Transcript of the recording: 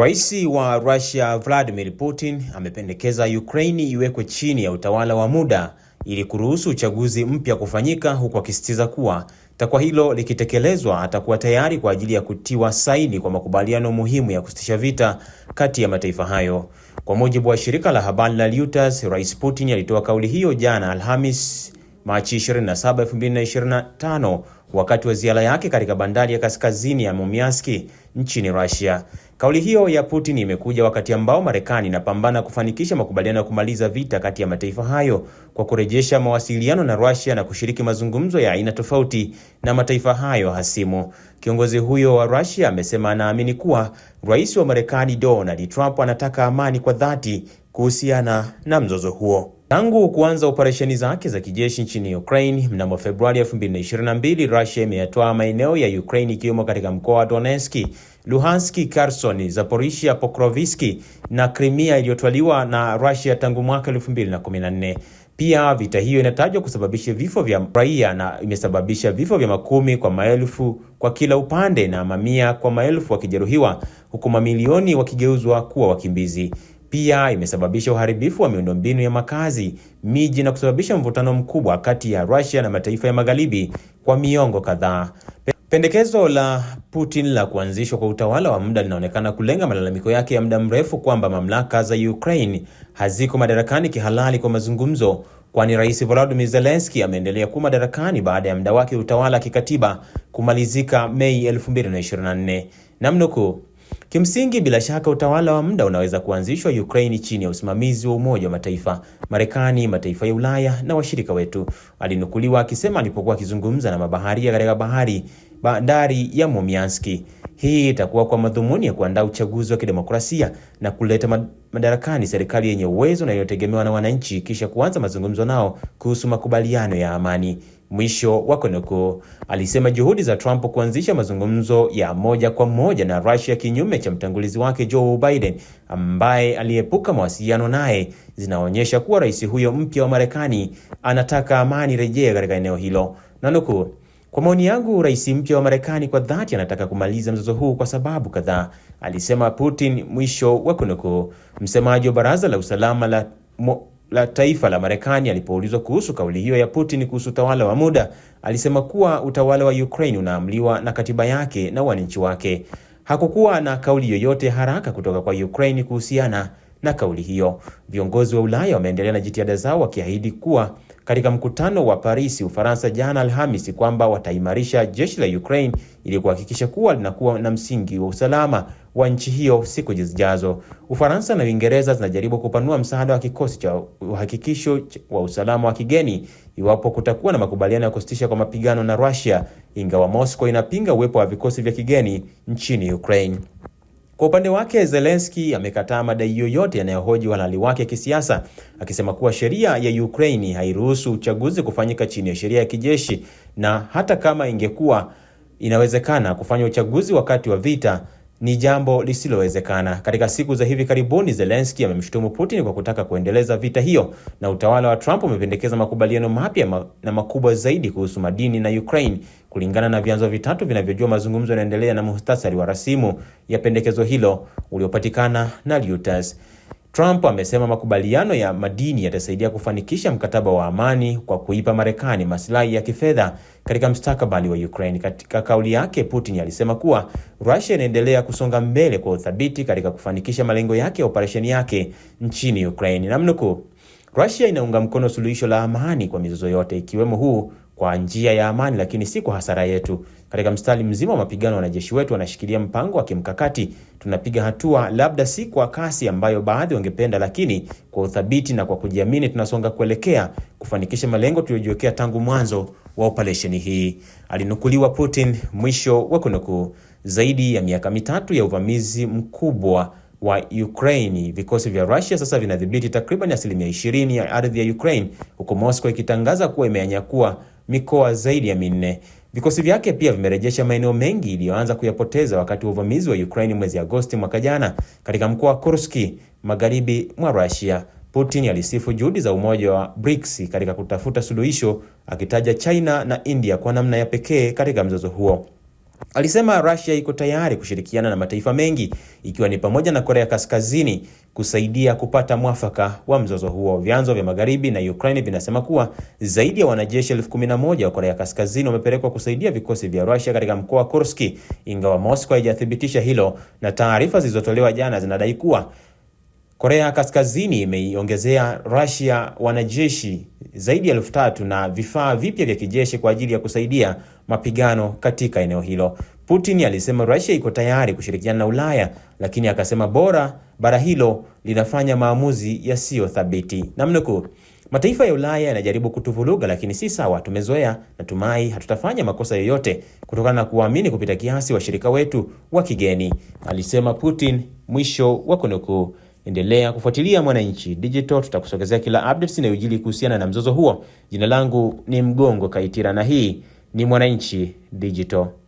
Rais wa Russia Vladimir Putin amependekeza Ukraine iwekwe chini ya utawala wa muda ili kuruhusu uchaguzi mpya kufanyika huku akisisitiza kuwa takwa hilo likitekelezwa atakuwa tayari kwa ajili ya kutiwa saini kwa makubaliano muhimu ya kusitisha vita kati ya mataifa hayo. Kwa mujibu wa shirika la habari la Reuters, Rais Putin alitoa kauli hiyo jana Alhamis, Machi 27, 2025 wakati wa ziara yake katika bandari ya kaskazini ya Murmansk nchini Russia. Kauli hiyo ya Putin imekuja wakati ambao Marekani inapambana kufanikisha makubaliano ya kumaliza vita kati ya mataifa hayo kwa kurejesha mawasiliano na Russia na kushiriki mazungumzo ya aina tofauti na mataifa hayo hasimu. Kiongozi huyo wa Russia amesema anaamini kuwa Rais wa Marekani Donald Trump anataka amani kwa dhati kuhusiana na mzozo huo. Tangu kuanza operesheni zake za kijeshi nchini Ukraine mnamo Februari 2022, Russia imeyatoa maeneo ya Ukraine ikiwemo katika mkoa wa Donetsk, Luhansk, Kherson, Zaporizhia, Pokrovsk na Crimea iliyotwaliwa na Russia tangu mwaka 2014. Pia vita hiyo inatajwa kusababisha vifo vya raia na imesababisha vifo vya makumi kwa maelfu kwa kila upande na mamia kwa maelfu wakijeruhiwa huku mamilioni wakigeuzwa kuwa wakimbizi. Pia imesababisha uharibifu wa miundombinu ya makazi, miji na kusababisha mvutano mkubwa kati ya Russia na mataifa ya Magharibi kwa miongo kadhaa. Pendekezo la Putin la kuanzishwa kwa utawala wa muda linaonekana kulenga malalamiko yake ya muda mrefu kwamba mamlaka za Ukraine haziko madarakani kihalali kwa mazungumzo, kwani Rais Volodymyr Zelensky ameendelea kuwa madarakani baada ya muda wake utawala kikatiba kumalizika Mei 2024. Namnukuu, Kimsingi, bila shaka utawala wa muda unaweza kuanzishwa Ukraine chini ya usimamizi wa Umoja wa Mataifa, Marekani, mataifa ya Ulaya na washirika wetu, alinukuliwa akisema alipokuwa akizungumza na mabaharia katika bahari bandari ya Murmansk. Hii itakuwa kwa madhumuni ya kuandaa uchaguzi wa kidemokrasia na kuleta madarakani serikali yenye uwezo na inayotegemewa na wananchi, kisha kuanza mazungumzo nao kuhusu makubaliano ya amani. Mwisho wa konoko. Alisema juhudi za Trump kuanzisha mazungumzo ya moja kwa moja na Russia, kinyume cha mtangulizi wake Joe Biden ambaye aliepuka mawasiliano naye, zinaonyesha kuwa rais huyo mpya wa Marekani anataka amani rejee katika eneo hilo. Nanukuu, kwa maoni yangu, rais mpya wa Marekani kwa dhati anataka kumaliza mzozo huu kwa sababu kadhaa, alisema Putin. Mwisho wa kunukuu. Msemaji wa baraza la usalama la la taifa la Marekani alipoulizwa kuhusu kauli hiyo ya Putin kuhusu utawala wa muda, alisema kuwa utawala wa Ukraine unaamliwa na katiba yake na wananchi wake. Hakukuwa na kauli yoyote haraka kutoka kwa Ukraine kuhusiana na kauli hiyo. Viongozi wa Ulaya wameendelea na jitihada zao wakiahidi kuwa katika mkutano wa Paris, Ufaransa jana Alhamisi kwamba wataimarisha jeshi la Ukraine ili kuhakikisha kuwa linakuwa na msingi wa usalama wa nchi hiyo siku zijazo. Ufaransa na Uingereza zinajaribu kupanua msaada wa kikosi cha uhakikisho wa usalama wa kigeni iwapo kutakuwa na makubaliano ya kusitisha kwa mapigano na Russia, ingawa Moscow inapinga uwepo wa vikosi vya kigeni nchini Ukraine. Kwa upande wake, Zelensky amekataa madai yoyote yanayohoji uhalali wake kisiasa, akisema kuwa sheria ya Ukraine hairuhusu uchaguzi kufanyika chini ya sheria ya kijeshi, na hata kama ingekuwa inawezekana kufanya uchaguzi wakati wa vita ni jambo lisilowezekana. Katika siku za hivi karibuni, Zelensky amemshutumu Putin kwa kutaka kuendeleza vita hiyo, na utawala wa Trump umependekeza makubaliano mapya na makubwa zaidi kuhusu madini na Ukraine, kulingana na vyanzo vitatu vinavyojua mazungumzo yanaendelea na muhtasari wa rasimu ya pendekezo hilo uliopatikana na Reuters. Trump amesema makubaliano ya madini yatasaidia kufanikisha mkataba wa amani kwa kuipa Marekani masilahi ya kifedha katika mstakabali wa Ukraine. Katika kauli yake, Putin alisema kuwa Russia inaendelea kusonga mbele kwa uthabiti katika kufanikisha malengo yake ya operesheni yake nchini Ukraine. Namnuku, Russia inaunga mkono suluhisho la amani kwa mizozo yote ikiwemo huu kwa njia ya amani, lakini si kwa hasara yetu. Katika mstari mzima wa mapigano, wanajeshi wetu wanashikilia mpango wa kimkakati. Tunapiga hatua, labda si kwa kasi ambayo baadhi wangependa, lakini kwa uthabiti na kwa kujiamini, tunasonga kuelekea kufanikisha malengo tuliyojiwekea tangu mwanzo wa operesheni hii, alinukuliwa Putin, mwisho wa kunukuu. Zaidi ya miaka mitatu ya uvamizi mkubwa wa Ukraine, vikosi vya Russia sasa vinadhibiti takriban asilimia 20 ya ardhi ya Ukraine, huku Moscow ikitangaza kuwa imeanyakua mikoa zaidi ya minne. Vikosi vyake pia vimerejesha maeneo mengi iliyoanza kuyapoteza wakati wa uvamizi wa Ukraine mwezi Agosti mwaka jana katika mkoa wa Kursk, magharibi mwa Russia. Putin alisifu juhudi za umoja wa BRICS katika kutafuta suluhisho, akitaja China na India kwa namna ya pekee katika mzozo huo. Alisema Russia iko tayari kushirikiana na mataifa mengi ikiwa ni pamoja na Korea Kaskazini kusaidia kupata mwafaka wa mzozo huo. Vyanzo vya Magharibi na Ukraine vinasema kuwa zaidi ya wanajeshi elfu kumi na moja wa Korea Kaskazini wamepelekwa kusaidia vikosi vya Russia katika mkoa wa Kursk, ingawa Moscow haijathibitisha hilo, na taarifa zilizotolewa jana zinadai kuwa Korea Kaskazini imeiongezea Russia wanajeshi zaidi ya elfu tatu na vifaa vipya vya kijeshi kwa ajili ya kusaidia mapigano katika eneo hilo. Putin alisema Russia iko tayari kushirikiana na Ulaya, lakini akasema bora bara hilo linafanya maamuzi yasiyo thabiti. Namnukuu, mataifa ya Ulaya yanajaribu kutuvuruga, lakini si sawa. Tumezoea, natumai hatutafanya makosa yoyote kutokana na kuwaamini kupita kiasi washirika wetu wa kigeni, alisema Putin, mwisho wa kunukuu. Endelea kufuatilia Mwananchi Digital, tutakusogezea kila updates inayojili kuhusiana na mzozo huo. Jina langu ni Mgongo Kaitira na hii ni Mwananchi Digital.